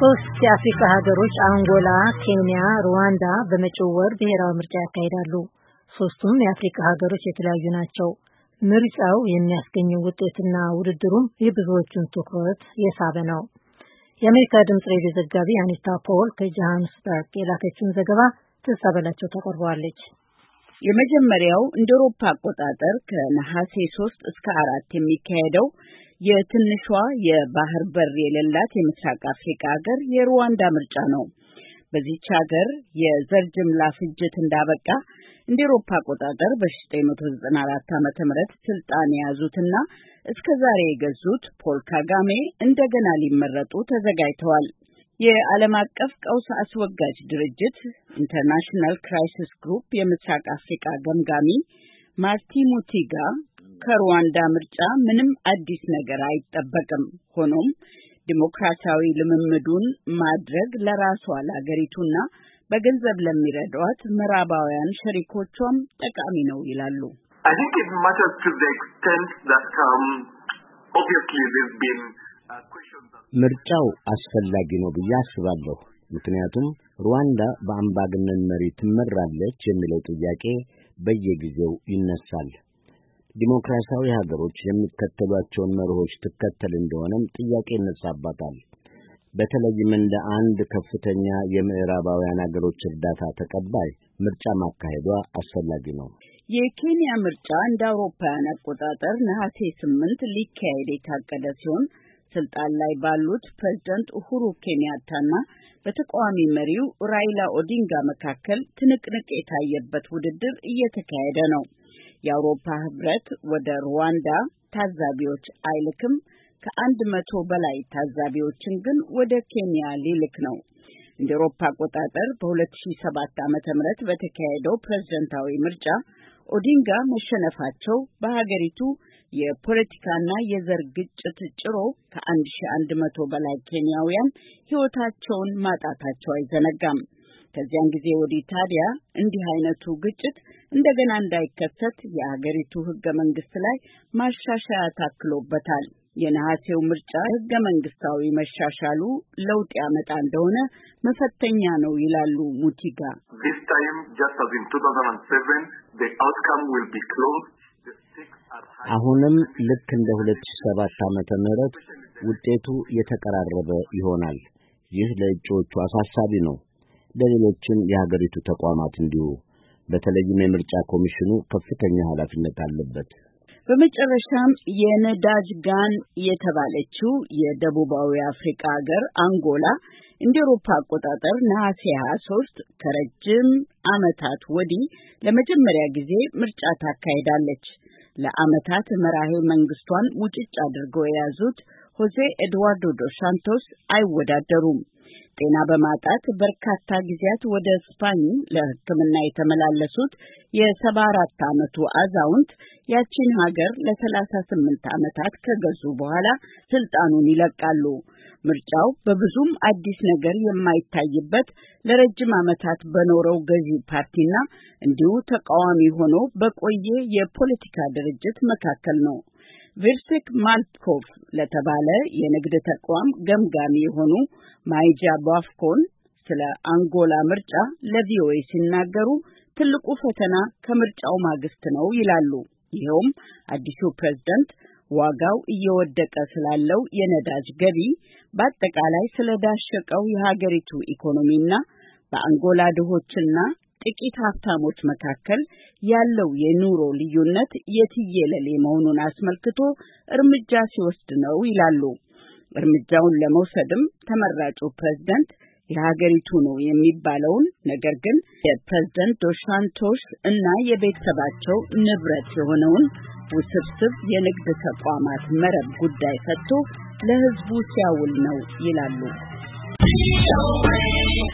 ሶስት የአፍሪካ ሀገሮች አንጎላ፣ ኬንያ፣ ሩዋንዳ በመጪው ወር ብሔራዊ ምርጫ ያካሂዳሉ። ሶስቱም የአፍሪካ ሀገሮች የተለያዩ ናቸው። ምርጫው የሚያስገኘው ውጤትና ውድድሩም የብዙዎቹን ትኩረት የሳበ ነው። የአሜሪካ ድምጽ ሬዲዮ ዘጋቢ አኒታ ፖል ከጆሃንስበርግ የላከችውን ዘገባ ትሳበላቸው ተቆርበዋለች። የመጀመሪያው እንደ ሮፓ አቆጣጠር ከነሐሴ ሶስት እስከ አራት የሚካሄደው የትንሿ የባህር በር የሌላት የምስራቅ አፍሪካ ሀገር የሩዋንዳ ምርጫ ነው። በዚች ሀገር የዘር ጅምላ ፍጅት እንዳበቃ እንደ አውሮፓ አቆጣጠር በ1994 ዓ.ም ስልጣን የያዙትና እስከ ዛሬ የገዙት ፖል ካጋሜ እንደገና ሊመረጡ ተዘጋጅተዋል። የዓለም አቀፍ ቀውስ አስወጋጅ ድርጅት ኢንተርናሽናል ክራይሲስ ግሩፕ የምስራቅ አፍሪቃ ገምጋሚ ማርቲ ሙቲጋ ከሩዋንዳ ምርጫ ምንም አዲስ ነገር አይጠበቅም፣ ሆኖም ዲሞክራሲያዊ ልምምዱን ማድረግ ለራሷ ለአገሪቱና በገንዘብ ለሚረዷት ምዕራባውያን ሸሪኮቿም ጠቃሚ ነው ይላሉ። ምርጫው አስፈላጊ ነው ብዬ አስባለሁ። ምክንያቱም ሩዋንዳ በአምባገነን መሪ ትመራለች የሚለው ጥያቄ በየጊዜው ይነሳል። ዲሞክራሲያዊ ሀገሮች የሚከተሏቸውን መርሆች ትከተል እንደሆነም ጥያቄ ይነሳባታል። በተለይም እንደ አንድ ከፍተኛ የምዕራባውያን ሀገሮች እርዳታ ተቀባይ ምርጫ ማካሄዷ አስፈላጊ ነው። የኬንያ ምርጫ እንደ አውሮፓውያን አቆጣጠር ነሐሴ ስምንት ሊካሄድ የታቀደ ሲሆን ስልጣን ላይ ባሉት ፕሬዝደንት ኡሁሩ ኬንያታና በተቃዋሚ መሪው ራይላ ኦዲንጋ መካከል ትንቅንቅ የታየበት ውድድር እየተካሄደ ነው። የአውሮፓ ህብረት ወደ ሩዋንዳ ታዛቢዎች አይልክም። ከአንድ መቶ በላይ ታዛቢዎችን ግን ወደ ኬንያ ሊልክ ነው። እንደ አውሮፓ አቆጣጠር በ2007 ም በተካሄደው ፕሬዝደንታዊ ምርጫ ኦዲንጋ መሸነፋቸው በሀገሪቱ የፖለቲካና የዘር ግጭት ጭሮ ከ1100 በላይ ኬንያውያን ሕይወታቸውን ማጣታቸው አይዘነጋም። ከዚያን ጊዜ ወዲህ ታዲያ እንዲህ አይነቱ ግጭት እንደገና እንዳይከሰት የአገሪቱ ህገ መንግስት ላይ ማሻሻያ ታክሎበታል። የነሐሴው ምርጫ ህገ መንግስታዊ መሻሻሉ ለውጥ ያመጣ እንደሆነ መፈተኛ ነው ይላሉ ሙቲጋ። አሁንም ልክ እንደ 2007 ዓመተ ምህረት ውጤቱ የተቀራረበ ይሆናል። ይህ ለእጩዎቹ አሳሳቢ ነው፣ ለሌሎችም የሀገሪቱ ተቋማት እንዲሁ። በተለይም የምርጫ ኮሚሽኑ ከፍተኛ ኃላፊነት አለበት። በመጨረሻም የነዳጅ ጋን የተባለችው የደቡባዊ አፍሪካ ሀገር አንጎላ እንደ ኤሮፓ አቆጣጠር ነሐሴ 23 ከረጅም ዓመታት ወዲህ ለመጀመሪያ ጊዜ ምርጫ ታካሂዳለች። ለአመታት መራሄ መንግስቷን ውጭጭ አድርገው የያዙት ሆዜ ኤድዋርዶ ዶ ሳንቶስ አይወዳደሩም። ጤና በማጣት በርካታ ጊዜያት ወደ ስፓኝ ለሕክምና የተመላለሱት የሰባ አራት ዓመቱ አዛውንት ያቺን ሀገር ለሰላሳ ስምንት ዓመታት ከገዙ በኋላ ስልጣኑን ይለቃሉ። ምርጫው በብዙም አዲስ ነገር የማይታይበት ለረጅም ዓመታት በኖረው ገዢ ፓርቲና እንዲሁ ተቃዋሚ ሆኖ በቆየ የፖለቲካ ድርጅት መካከል ነው። ቪርሴክ ማልኮቭ ለተባለ የንግድ ተቋም ገምጋሚ የሆኑ ማይጃ ባፍኮን ስለ አንጎላ ምርጫ ለቪኦኤ ሲናገሩ ትልቁ ፈተና ከምርጫው ማግስት ነው ይላሉ። ይኸውም አዲሱ ፕሬዝደንት ዋጋው እየወደቀ ስላለው የነዳጅ ገቢ፣ በአጠቃላይ ስለዳሸቀው የሀገሪቱ ኢኮኖሚና በአንጎላ ድሆችና ጥቂት ሀብታሞች መካከል ያለው የኑሮ ልዩነት የትየለሌ መሆኑን አስመልክቶ እርምጃ ሲወስድ ነው ይላሉ። እርምጃውን ለመውሰድም ተመራጩ ፕሬዝደንት የሀገሪቱ ነው የሚባለውን ነገር ግን የፕሬዝደንት ዶሻንቶሽ እና የቤተሰባቸው ንብረት የሆነውን ውስብስብ የንግድ ተቋማት መረብ ጉዳይ ፈትቶ ለሕዝቡ ሲያውል ነው ይላሉ።